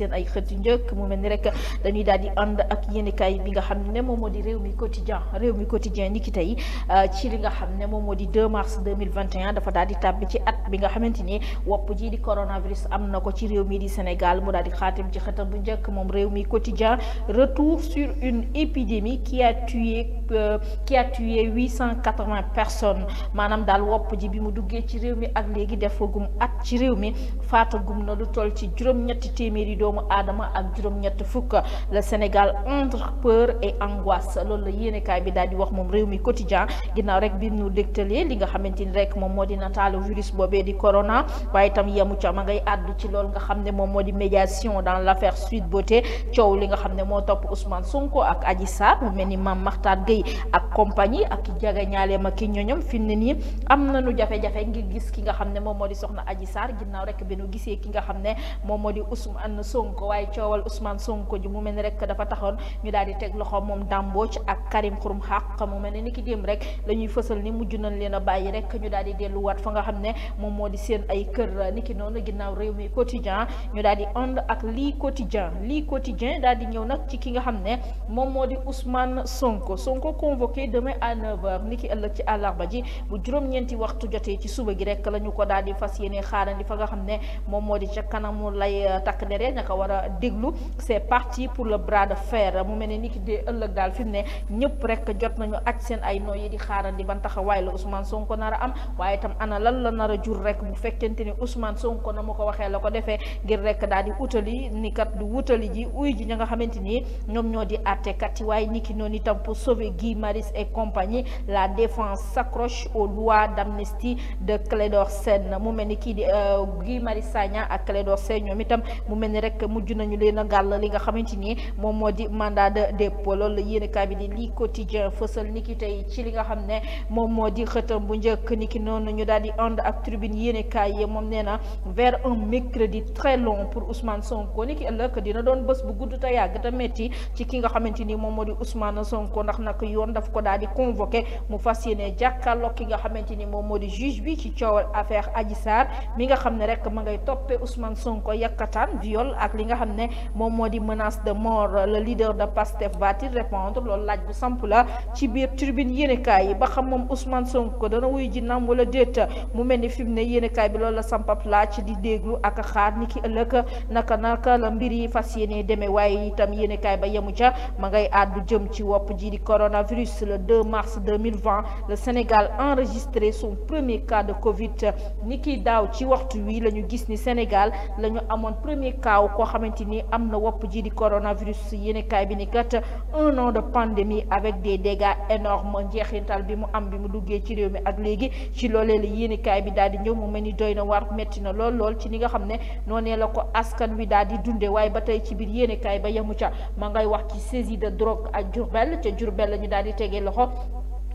seen ay xët yu njëkk mu mel ni rek dañuy daal di ànd ak yéenekaay bi nga xam ne moom moo di réew mi quotidien réew mi quotidien ni ki tey euh, ci li nga xam ne moom moo di 2 mars 2021 dafa daal di tàbbi ci at bi nga xamante ni wopp ji di coronavirus am na ko ci réew mi di Sénégal mu daal di xaatim ci xëtam bu njëkk moom réew mi quotidien retour sur une épidémie ki a tué qui a tué 880 euh, personnes maanaam daal wopp ji bi mu duggee ci réew mi ak léegi def defagum at ci réew mi faatagum ci juróom-ñetti téeméeri doo doomu aadama ak juróom-ñett fukk le Sénégal entre peur et angoisse loolu la yéenekaay bi daal di wax moom réew mi quotidien ginnaaw rek bi nu dégtalee li nga xamante ni rek moom moo di nataalu virus boobee di corona waaye itam yemu ca ma ngay àddu ci loolu nga xam ne moom moo di médiation dans l'affaire Sweet Beauté coow li nga xam ne moo topp Ousmane Sonko ak Adji Sarr mu mel ni Mame Makhtar Gueye ak compagnie ak jaga ñaaleem ak ki ñoñom fi mu ne nii am nañu jafe-jafe ngir gis ki nga xam ne moom moo di soxna Adji Sarr ginnaaw rek bi gisee ki nga xam ne moom moo di Sonko waaye coowal Ousmane Sonko ji mu mel ni rek dafa taxoon ñu daal di teg loxo moom dàmbooj ak Karim Xurum Xaq mu mel ne ni ki démb rek la ñuy fësal ni mujj nañ leen a bàyyi rek ñu daal di delluwaat fa nga xam ne moom moo di seen ay kër niki noonu ginnaaw réew mi quotidien ñu daal di ànd ak lii quotidien lii quotidien daal di ñëw nag ci ki nga xam ne moom moo di Ousmane Sonko Sonko convoqué demain à 9h niki ëllëg ci àllarba ji bu juróom-ñeenti waxtu jotee ci suba gi rek la ko daal di fas yéene xaarandi fa nga xam ne moom moo di ca kanamu lay eh, takk dere naka war a déglu c'est parti pour le bras de fer mu mel ne dee ëllëg daal fi ne ñëpp rek jot nañu ak seen ay noo yi di xaarandi ban taxawaay la Ousmane Sonko nar a am waaye itam ana lan la nar a jur rek bu fekkente ni Ousmane Sonko na ma ko waxee la ko defee ngir rek daal di wutali ni kat wutali ji uy ji ña nga xamante ni ñoom ñoo di àttekat yi waaye ni noonu itam pour sauver Guy Marius et compagnie la défense s'accroche aux lois d'amnistie de Clédor Sène mu mel ni kii di euh, Guy rek mujj nañu leen a gàll li nga xamante ni moom moo di mandat de dépôt loolu yéen a bi di lii quotidien fësal niki tey ci li nga xam ne moom moo di xëtam bu njëkk niki noonu ñu daal di ànd ak tribune yéen kaay yi moom nee na vers un mercredi très long pour Ousmane Sonko niki ëllëg dina doon bés bu gudd te yàgg te métti ci ki nga xamante ni moom moo di Ousmane Sonko ndax nag yoon daf ko daal di convoqué mu fas yéene jàkkaarloo ki nga xamante ni moom moo di juge bi ci coowal affaire Adji Sarr mi nga xam ne rek ma ngay toppee Ousmane Sonko yakkataan viol ak li nga xam ne moom moo di menace de mort le leader de PASTEF va-t-il répondre loolu laaj bu samp la ci biir tribune yéenekaay yi ba xam moom Ousmane ko dana wuyu ji naam wala déet mu mel ni fi mu ne yéenekaay bi lool la sampap laaj di déglu ak xaar ni ki ëllëg naka naka la mbir yi fas yéene demee waaye itam yéenekaay ba yemu ca ma ngay àddu jëm ci wopp ji di coronavirus le 2 mars 2020 le Sénégal enregistré son premier cas de Covid ni ki daaw ci waxtu wii la ñu gis ni Sénégal la amoon premier cas koo xamante ni am na wopp ji di coronavirus yéenekaay bi ni kat un an de pandémie avec des dégâts énormes njeexintal bi mu am bi mu duggee ci réew mi ak léegi ci loolee la yéenekaay bi daal di ñëw mu mel ni doy na waar métti na lool lool ci ni nga xam ne noonee la ko askan wi daal di dunde waaye ba tey ci biir yéenekaay ba yemu ca ma ngay wax ci saisie de drogue ak Diourbel ca Diourbel la ñu daal di tegee loxo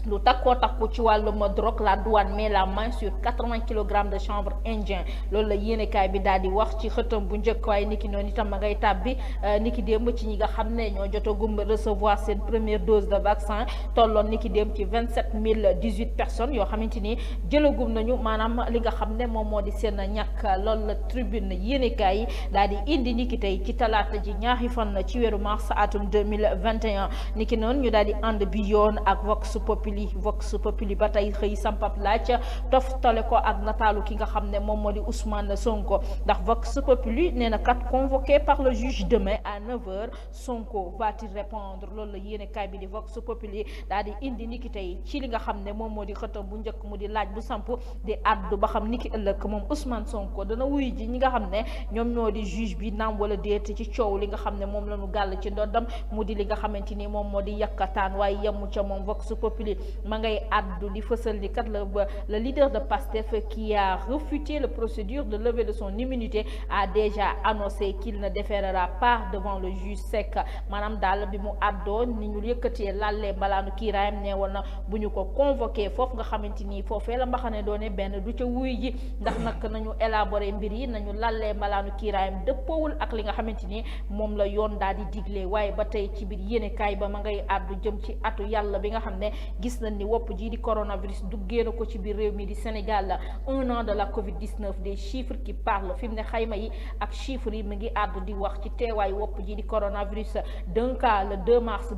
lu takkoo takku ci wàllum drogue la douane met la main sur quatre-vingts kilogrammes de chanvre indien loolu la yéenekaay bi daal di wax ci xëtam bu njëkk waaye niki noonu itam ma ngay tàbbi euh, niki démb ci ñi nga xam ne ñoo jotagum recevoir seen première dose de vaccin tolloon niki ci vingt-sept mille dix-huit personnes yoo xamante ni jëlagum nañu maanaam li nga xam ne moom moo di seen ñàkk loolu la tribune yéenekaay yi daal indi niki tey ci talaata ji ñaari ci weeru mars atum deux mille vingt et un niki noonu ñu daal populi vox populi ba tey xëy sampab laaj toftale ko ak nataalu ki nga xam ne moom moo di Ousmane Sonko ndax vox populi nee na kat convoqué par le juge demain à 9h Sonko va-t-il répondre loolu la yéene kaay bi di vox populi daal di indi niki tey ci li nga xam ne moom moo di xëtam bu njëkk mu di laaj bu samp di addu ba xam niki ëllëg moom Ousmane Sonko dana wuyu ji ñi nga xam ne ñoom ñoo di juge bi naam wala déet ci coow li nga xam ne moom la ñu gàll ci ndoddam mu di li nga ni moom moo di yakkataan waaye yemu ca moom ma ngay àddu di fësal ni kat la le leader de PASTEF qui a refuté la procédure de levée de son immunité a déjà annoncé qu'il ne déférera pas devant le juge sec maanaam daal bi mu àddoo ni ñu yëkkatee laalee mbalaanu kiiraayam nee woon na bu ñu ko convoqué foofu nga xamante ni foofee la mbaxane doone benn du ca wuy ji ndax nag nañu élaborer mbir yi nañu laalee mbalaanu kiiraayam dëppoowul ak li nga xamante ni moom la yoon daal di digle waaye ba tey ci biir yéenekaay ba ma ngay àddu jëm ci atu yàlla bi nga xam ne gis gis wopp ji di coronavirus duggee na ko ci biir réew mi di Sénégal un an de la Covid 19 des chiffres qui parlent fi mu ne xayma yi ak chiffres yi mu ngi àddu di wax ci teewaay wopp ji di coronavirus d'un cas mars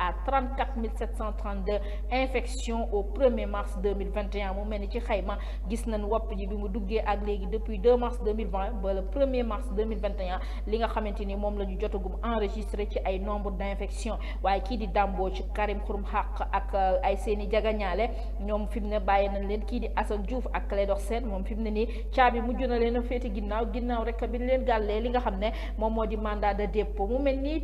à 34 732 infections au 1er mars 2021 mu mel ni ci xayma gis nañ wopp ji bi mu duggee ak léegi depuis 2 mars 2020 ba le 1er mars 2021 li nga xamante ni moom la ñu jotagum enregistré ci ay nombre d' infections waaye kii di dàmboo ci Karim Xurum Xaq ak. ay seen i jagañaale ñoom fi mu ne bàyyi nañ leen kii di Assane Diouf ak Clédor Sène moom fi ne nii caabi mujj na leen a féete ginnaaw ginnaaw rek bi leen gàllee li nga xam ne moom moo di mandat de dépôt mu mel nii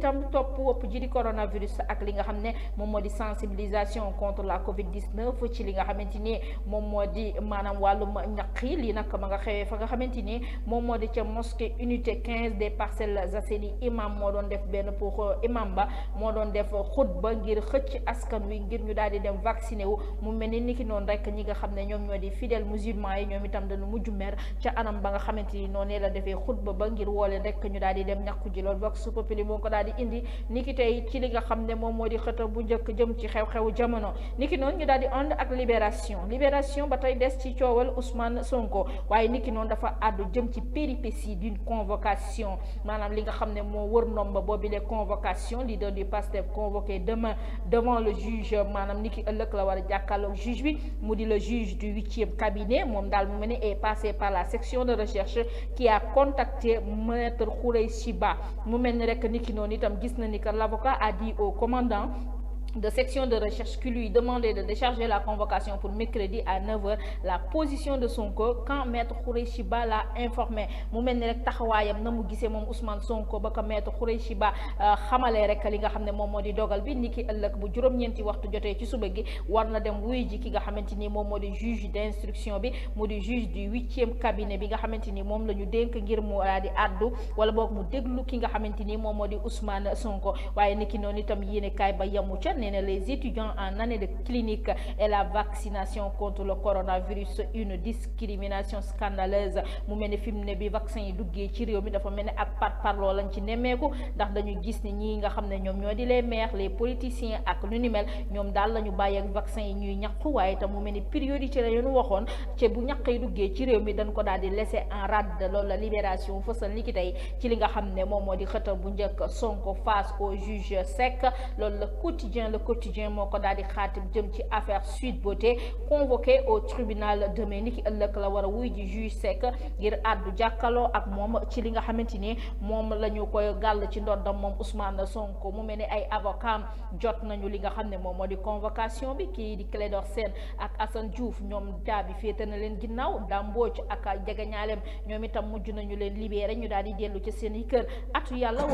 ak li nga xam ne moom moo di sensibilisation contre la Covid 19 ci li nga xamante ni moom moo di maanaam wàllum ñaq yi lii nag ma nga xewee fa nga xamante ni moom moo di ca mosquée unité 15 des Parcelles Assainies imam moo doon def benn pour imam ba moo doon def xutba ngir xëcc askan wi ngir ñu daal di dem vacciné wu mu mel ni ni ki noonu rek ñi nga xam ne ñoom ñoo di fidèle musulman yi ñoom itam dañu mujj mer ca anam ba nga xamante ni noonu la defee xutba ba ngir wooleen rek ñu daal di dem ñàkku ji vox populi moo ko daal indi ni ki tey ci li nga xam ne moom moo di xëta bu njëkk jëm ci xew-xewu jamono ni noonu ñu daal di ak libération libération ba tey des ci coowal Ousmane Sonko waaye ni ki noonu dafa àddu jëm ci péripétie d'une convocation maanaam li nga xam ne moo wër ndomba ni ki la war a jàkkaarloog juge bi mu di le juge du huitième cabinet moom daal mu mel ne e passé par la section de recherche qui a contacté maître Khoureychi Ba mu mel ni rek ni ki noonu itam gis na ni que l'avocat a dit au commandant de section de recherche qui lui demandait de décharger la convocation pour mercredi à 9h la position de Sonko quand maître Khoureyssi Ba l'a informé mu mel ni rek taxawaayam na mu gisee moom Ousmane Sonko ba ko maître Khoureyssi Ba euh, xamalee rek li nga xam ne moom moo di dogal bi ni ki ëllëg bu juróom-ñeenti waxtu jotee ci suba war na dem wuy ji ki nga xamante ni moom moo di juge d'instruction bi mu di juge du huitième cabinet bi nga xamante ni moom la ñu dénk ngir mu euh, di addu wala boog mu déglu ki nga xamante ni moom moo di Ousmane Sonko waaye ni ki noonu itam yéene ba yamu ca nee na les étudiants en année de clinique et la vaccination contre le coronavirus une discrimination scandaleuse mu mel ne fi mu ne bi vaccin yi duggee ci réew mi dafa mel ne ak par parloo lañ ci nemmeeku ndax dañu gis ne ñii nga xam ne ñoom ñoo di les maires les politiciens ak lu ni mel ñoom daal la ñu bàyyi ak vaccin yi ñuy ñàkku waaye tam mu mel ni priorité la ñu waxoon ci bu ñàkk yi duggee ci réew mi dañ ko daal di laisser en rade loolu la libération fësal ni ki tey ci li nga xam ne moom moo di xëtam bu njëkk Sonko face au juge le quotidien moo ko daal di xaatim jëm ci affaire Sweet Beauté convoqué au tribunal demain ni ëllëg la war a wuy ji juge Seck ngir àddu jàkkaloo ak moom ci li nga xamante ni moom la ñu koy gàll ci ndoddam moom Ousmane Sonko mu mel ne ay avocat jot nañu li nga xam ne moom moo di convocation bi kii di Clédor Sène ak Assane Diouf ñoom jaabi féete na leen ginnaaw daa mbooc ak jegeñaaleem ñoom itam mujj nañu leen libéré ñu daal di dellu ci seen i kër atu yàlla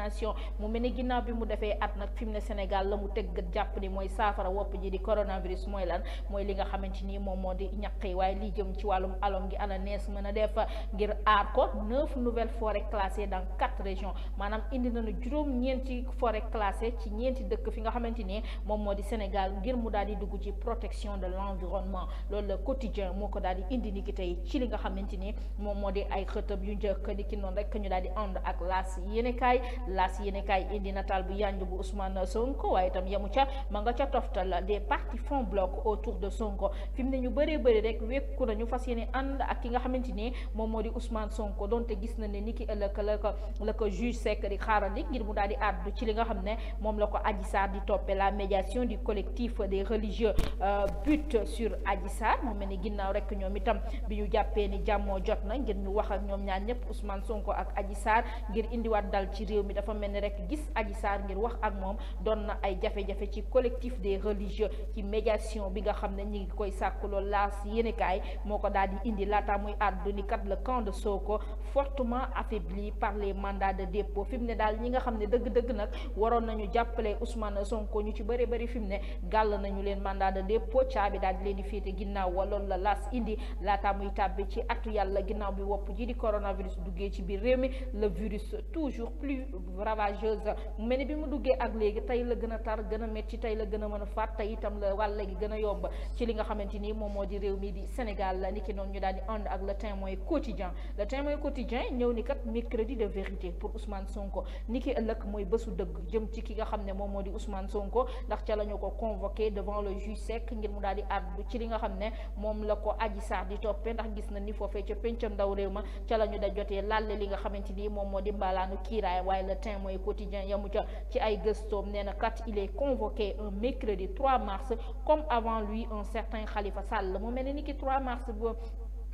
vaccination mu mel ni ginnaaw bi mu defee at nag fi mu ne Sénégal la mu tëgg jàpp ni mooy saafara wopp ji di coronavirus mooy lan mooy li nga xamante ni moom moo di ñaq yi waaye li jëm ci wàllum alom gi ana nees mën a def ngir aar ko neuf nouvelles forêts classées dans quatre régions maanaam indi nañu juróom-ñeenti forêt classée ci ñeenti dëkk fi nga xamante ni moom moo di Sénégal ngir mu daal di dugg ci protection de l'environnement loolu la quotidien moo ko daal di indi niki tey ci li nga xamante ni moom moo di ay xëtëb yu njëkk ki noonu rek ñu daal di ànd ak laas yéenekaay laas yéene kaay indi nataal bu yanj bu Ousmane Sonko waaye itam yamu ca ma nga ca toftal des partis font bloc autour de Sonko fi mu ne ñu bëree bëri rek wékku nañu fas yéene ànd ak ki nga xamante ni moom moo di Ousmane Sonko donte gis na ne ni ki ëllëg la ko la ko juge Seck di xaarandi ngir mu daal di àddu ci li nga xam ne moom la ko Adji Sarr di toppee la médiation du collectif des religieux euh, but sur Adji Sarr moom mel ni ginnaaw rek ñoom itam bi ñu jàppee ni jàmmo jot na ngir ñu wax ak ñoom ñaar ñëpp Ousmane Sonko ak Adji Sarr ngir indiwaat dal ci réew mi dafa mel ni rek gis Adji saar ngir wax ak moom doon na ay jafe-jafe ci collectif des religieux ci médiation bi nga xam ne ñi ngi koy sàkk lool laas yéenekaay moo ko daal di indi laata muy àddu ni kat le camp de Soko fortement affaibli par les mandats de dépôt fi mu ne daal ñi nga xam ne dëgg-dëgg nag waroon nañu jàppale Ousmane Sonko ñu ci bëri bëri fi mu ne gàll nañu leen mandat de dépôt caabi daal di leen di féete ginnaaw wa loolu la laas indi laata muy tàbbi ci atu yàlla ginnaaw bi wopp ji di duggee ci biir réew ravageuse mu mel bi mu duggee ak léegi tey la gën a tar gën a métti tey la gën a mën a faat tey itam la wàll gi gën a yomb ci li nga xamante ni moom moo di réew mi di Sénégal la ni ki noonu ñu daal di ànd ak le témoin quotidien le témoin quotidien ñëw ni kat mercredi de vérité pour Ousmane Sonko ni ki ëllëg mooy bésu dëgg jëm ci ki nga xam ne moom moo di Ousmane Sonko ndax ca la ñu ko convoqué devant le ngir mu daal di àddu ci li nga xam ne moom la ko Adji Sarr di toppee ndax gis na ni foofee ca pencam ndaw réew ma ca la ñu da jotee lalle li nga xamante ni moom moo di mbaalaanu kiiraay waaye le temps mooy quotidien yamu ca ci ay gëstoom nee na kat il est convoqué un mercredi marce mars comme avant lui un certain Khalifa Sall mu mel ni ki marce mars bu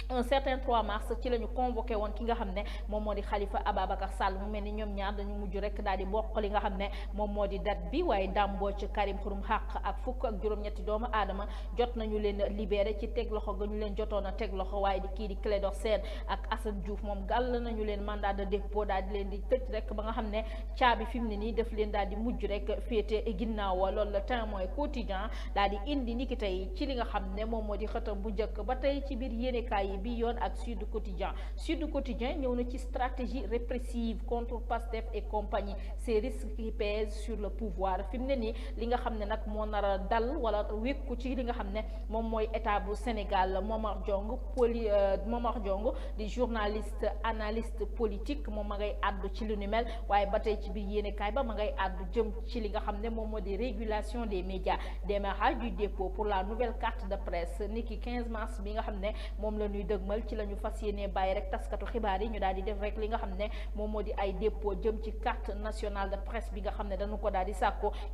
un certain 3 mars ci la ñu convoqué woon ki nga xam ne moom moo di Khalifa Ababacar Sall mu mel ni ñoom ñaar dañu mujj rek daal di bokk li nga xam ne moom moo di date bi waaye dam dàmbooc Karim Xurum Xaq ak fukk ak juróom-ñetti doomu aadama jot nañu leen libéré ci teg loxo ga ñu leen jotoon a teg loxo waaye di kii di Clédor Sène ak Assane Diouf moom gàll nañu leen mandat de dépôt daal di leen di tëj rek ba nga xam ne caabi fi mu ne nii daf leen daal di mujj rek féete ginnaaw loolu la temps mooy quotidien daal di indi niki tey ci li nga xam ne moom moo di xëtam bu njëkk ba tey ci biir yéenekaay yi bi yoon ak Sud Quotidien Sud Quotidien ñëw na ci stratégie répressive contre Pastef et compagnie ces risques qui sur le pouvoir fi mu ne nii li nga xam ne nag moo nara a dal wala wékku ci li nga xam ne moom mooy état bu Sénégal Momar Diong poli euh, Momar Diong di journaliste analyste politique moom ma ngay àddu ci lu ni mel waaye ba tey ci biir yéenekaay ba ma ngay àddu jëm ci li nga xam ne moom moo di régulation des médias démarrage du dépôt pour la nouvelle carte de presse ni ki mars bi nga xam ne moom ñuy dëgmal ci la ñu fas yéene bàyyi rek taskatu xibaar yi ñu daal def rek li nga xam ne moom moo di ay dépôt jëm ci carte nationale de presse bi nga xam ne dañu ko daal di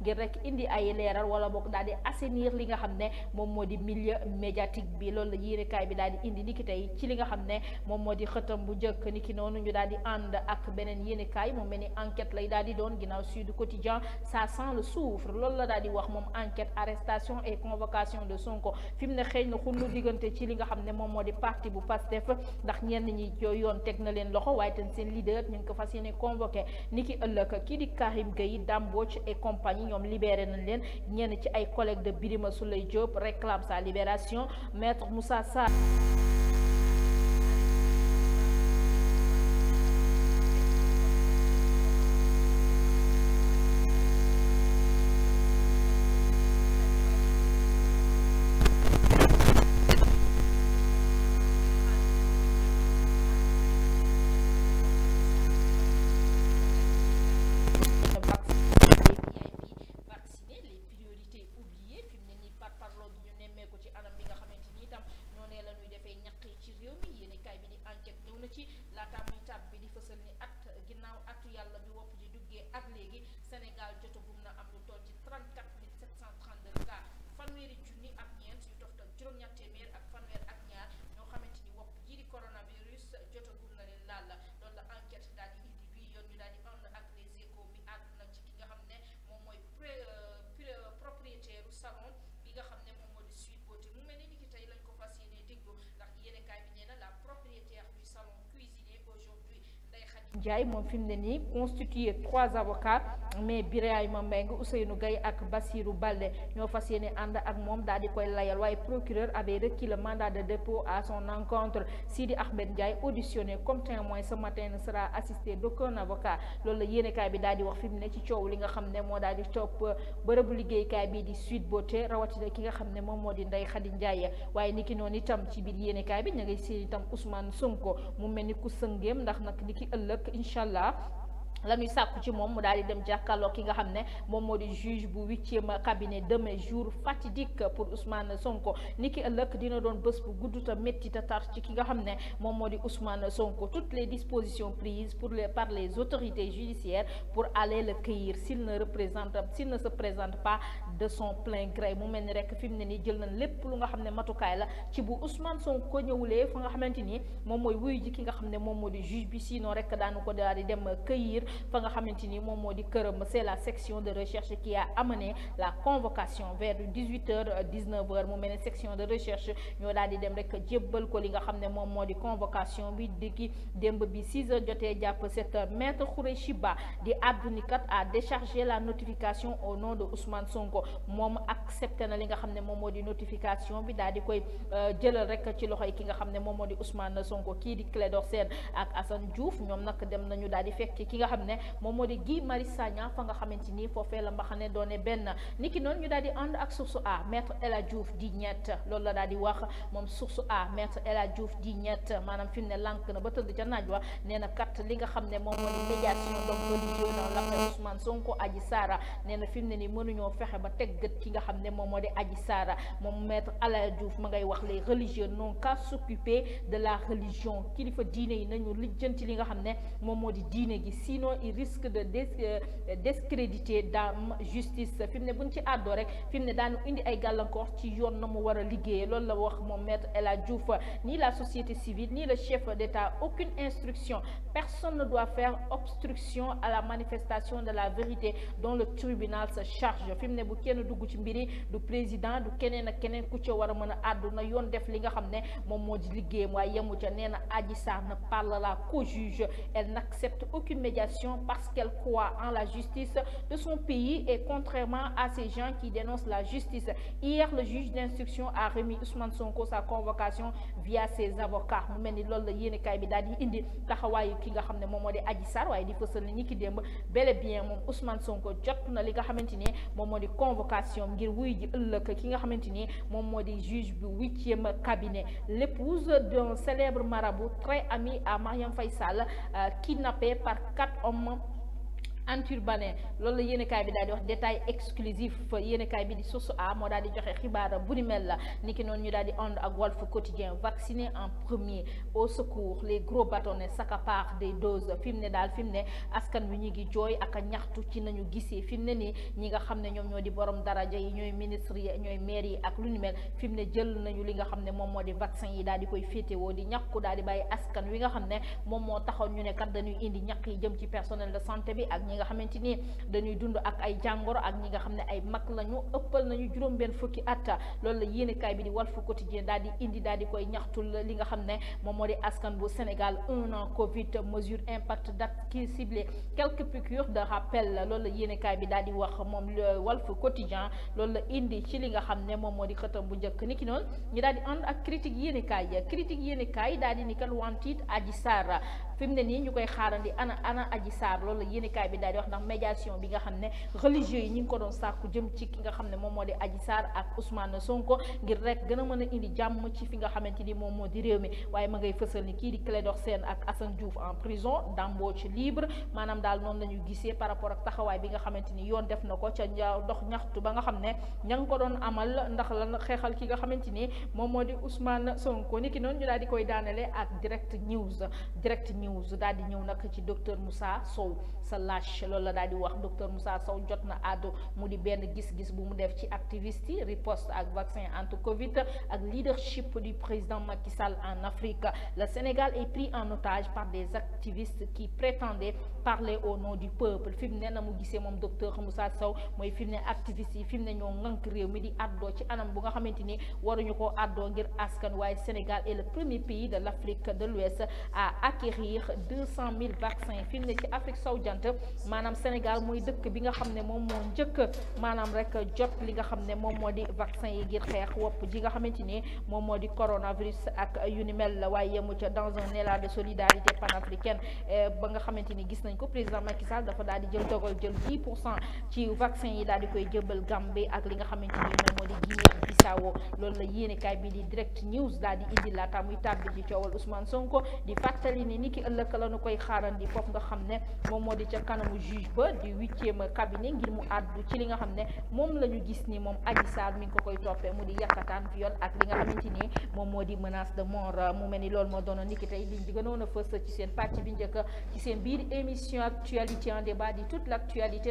ngir rek indi ay leeral wala boog daal di assainir li nga xam ne moom moo di milieu médiatique bi loolu la noonu ñu daal di ak beneen yéenekaay moom mel enquête lay daal doon ginnaaw Sud Quotidien ça sent le soufre loolu la daal wax moom enquête arrestation et convocation de Sonko fi mu parti bu Pastef ndax ñenn ñi yoon teg na leen loxo waaye tam seen leader ñu ko fas yéene convoqué ni ki ëllëg kii di Karim Gueye Dame Mbodj et compagnie ñoom libéré nañ leen ñenn ci ay collègues de Birima Souleye Diop réclame sa libération maître Moussa Sarr Ndiaye moom fi mu ne nii constitué mais Birayma Mbengue Ousseynou Gaye ak Bassirou Balde ñoo fas yéene ànd ak moom daal di koy layal waaye procureur avait requis le mandat de dépôt à son encontre Sidi Ahmed Ndiaye auditionné comme témoin ce matin ne sera assisté d'aucun avocat loolu la yéenekaay bi daal di wax fi mu ne ci coow li nga xam ne moo daal di topp bërëbu liggéeykaay bi di Sweet Beauté rawatina ki nga xam ne moom moo di Ndeye Khady Ndiaye waaye ki noonu itam ci biir yéenekaay bi ña ngay séen itam Ousmane Sonko mu mel ni ku sëngeem ndax nag niki ëllëg incha allah la ñuy sàkku ci moom mu daal di dem jàkkaarloo ki nga xam ne moom moo di juge bu huitième cabinet demain jour fatidique pour Ousmane Sonko ni ki ëllëg dina doon bés bu gudd te métti te tar ci ki nga xam ne moom moo di Ousmane sonk toutes les dispositions prises pour les par les autorités judiciaires pour aller le cueillir s'il représente s'il ne présente pas de son plein gré mel ni rek fi mu ne nii jël nañ lépp lu nga xam ne matukaay la ci bu Ousmane Sonko ñëwulee nga xamante ni moom mooy wuyu ji ki nga xam ne moom moo di juge bi sinon rek daanu ko daal di dem a cueillir fa nga xamante ni moom moo di këram c'est la section de recherche qui a amené la convocation vers 18 heures 19 heures mu mel section de recherche ñoo daal di dem rek jébbal ko li nga xam ne moom moo di convocation bi di ki démb bi 6 heures jotee jàpp 7 heures maître Khoureyssi Ba di àdduni kat à déchargé la notification au nom de Ousmane Sonko moom ak accepté na li nga xam ne moom moo di notification bi daal di koy euh, jëlal rek ci loxo yi ki nga xam ne moom moo di Ousmane Sonko kii di Clédor Sène ak Assane xam ne moom moo di Guy Marius Sagna fa nga xamante ni foofee la mbaxane doone benn niki noonu ñu daal di ànd ak source a maître El Hadj di ñett loolu la daal di wax moom source a maître El Hadj Diouf di ñett maanaam fi mu ne lànk na ba tëdd ca naaj wa nee na kat li nga xam ne moom moo di médiation donc religieux dans l'affaire nee na fi mu ne ni mënuñoo fexe ba teg gët ki nga xam ne moom moo di Adji Sarr moom maître El Hadj ma ngay wax les religieux n'ont qu'à s'occuper de la religion kilifa diine yi nañu lijjanti li nga xam ne moom moo di diine gi sinon il risque de euh, discréditer dame justice fi mu ne buñ ci àddoo rek fi mu ne daanu indi ay gàllankoor ci yoon na mu war a liggéeyee loolu la wax moom maître El Hadj Diouf ni la société civile ni le chef d'État aucune instruction personne ne doit faire obstruction à la manifestation de la vérité dont le tribunal se charge fi mu ne bu kenn dugg ci mbiri du président du keneen ak keneen ku ca war a mën a àdduna yoon def li nga xam ne moom moo di liggéeyam waaye yemu ca nee na Adji Sarr ne élections parce qu'elle croit en la justice de son pays et contrairement à ces gens qui dénoncent la justice. Hier, le juge d'instruction a remis Ousmane Sonko sa convocation via ses avocats mu mel ni loolu la yéene kaay bi daal di indi taxawaayu ki nga xam ne moom moo di Adji Sarr waaye di fësal ni ki démb bel et bien moom Ousmane Sonko jot na li nga xamante ni moom moo di convocation ngir wuy ji ëllëg ki nga xamante ni moom moo di juge bu huitième cabinet l'épouse d'un célèbre marabout très ami boromam Anturbanin loolu la yéenekaay bi daal di wax détail exclusif yéenekaay bi di source a moo daal di joxe xibaar bu ni mel la niki noonu ñu daal di ànd ak Walf Quotidien vacciné en premier au secours les gros bâtonnets s'accaparent des doses fi mu ne daal fi mu ne askan wi ñu ngi jooy ak a ñaxtu ci nañu gisee fi mu ne nii ñi nga xam ne ñoom ñoo di borom daraja yi ñooy ministre yi ñooy maire yi ak lu ni fi mu ne jël nañu li nga xam ne moom moo di vaccin yi daal di koy féetewoo di ñàkku daal di bàyyi askan wi nga xam ne moom moo taxaw ñu ne dañuy indi ñàkk yi jëm ci personnel de santé bi ak ñi nga xamante ni dañuy dund ak ay jàngoro ak ñi nga xam ne ay mag lañu ëppal nañu juróom benn fukki at loolu la yéenekaay bi di Walf Quotidien daal di indi daal di koy ñaxtul li nga xam ne moom moo di askan bu Sénégal un an Covid mesure impact date qui ciblé quelques piqûres de rappel loolu la yéenekaay bi daal di wax moom Walf Quotidien loolu la indi ci li nga xam ne moom moo di xëtam bu njëkk ni ki noonu ñu daal di ànd ak yenekaay yéenekaay critique yéenekaay daal di ni kat wantiit Adji Sarr fi ne nii ñu koy xaarandi ana ana aji saar loolu la yéenekaay bi daal di wax ndax médiation bi nga xam ne religieux yi ñu ngi ko doon sàkku jëm ci ki nga xam ne moom moo di aji saar ak Ousmane Sonko ngir rek gën a mën a indi jàmm ci fi nga xamante ni moom moo di réew mi waaye ma ngay fësal ni kii di Clédor Sène ak Assane Diouf en prison damboo ci daal noonu la ñu gisee par rapport ak taxawaay bi nga xamante ni yoon def na ko ca dox ñaxtu ba nga xam ne ña ngi ko doon amal ndax lan xeexal ki nga xamante ni moom moo di Ousmane Sonko ni ki noonu ñu daal di koy daanale ak direct news direct news news daal di ñëw nag ci docteur Moussa Sow sa lâche loolu la daal di wax docteur Moussa Sow jot na àddu mu di benn gis-gis bu mu def ci activiste yi riposte ak vaccin anti Covid ak leadership du président Macky Sall en Afrique le Sénégal est pris en otage par des activistes qui prétendaient parler au nom du peuple fi mu ne na mu gisee moom docteur Moussa Sow mooy fi mu ne activiste yi fi mu ne ñoo ŋànk réew mi di àddoo ci anam bu nga xamante ni waruñu ko àddoo ngir askan waaye Sénégal jël deux cent mille vaccins fi mu ne ci Afrique sow jant maanaam Sénégal mooy dëkk bi nga xam ne moom moo njëkk maanaam rek jot li nga xam ne moom moo di vaccin yi ngir xeex wopp ji nga xamante ni moom moo di coronavirus ak yu ni mel la waaye yemu ca dans un élan de solidarité panafricaine eh, ba nga xamante ni gis nañ ko président Macky Sall dafa daal di jël dogal jël dix pour cent ci vaccin yi daal di koy jëbal Gambie ak li nga xamante ni moom moo di Guinée Bissau loolu la yéenekaay bi di direct news daal di indi laata muy tàbbi ci coowal Ousmane Sonko ci ëllëg la ñu koy xaarandi foofu nga xam ne moom moo di ca kanamu juge ba di a cabinet ngir mu àddu ci li nga xam ne moom la ñu gis ni moom Adji Sarr mi ngi ko koy toppee mu di yàkkataan viol ak li nga xamante ni moom moo di menace de mort mu mel ni loolu moo doon ni ki tey liñ di gënoon a fës ci seen pàcc bi njëkk ci seen biir émission actualité en débat di toute l'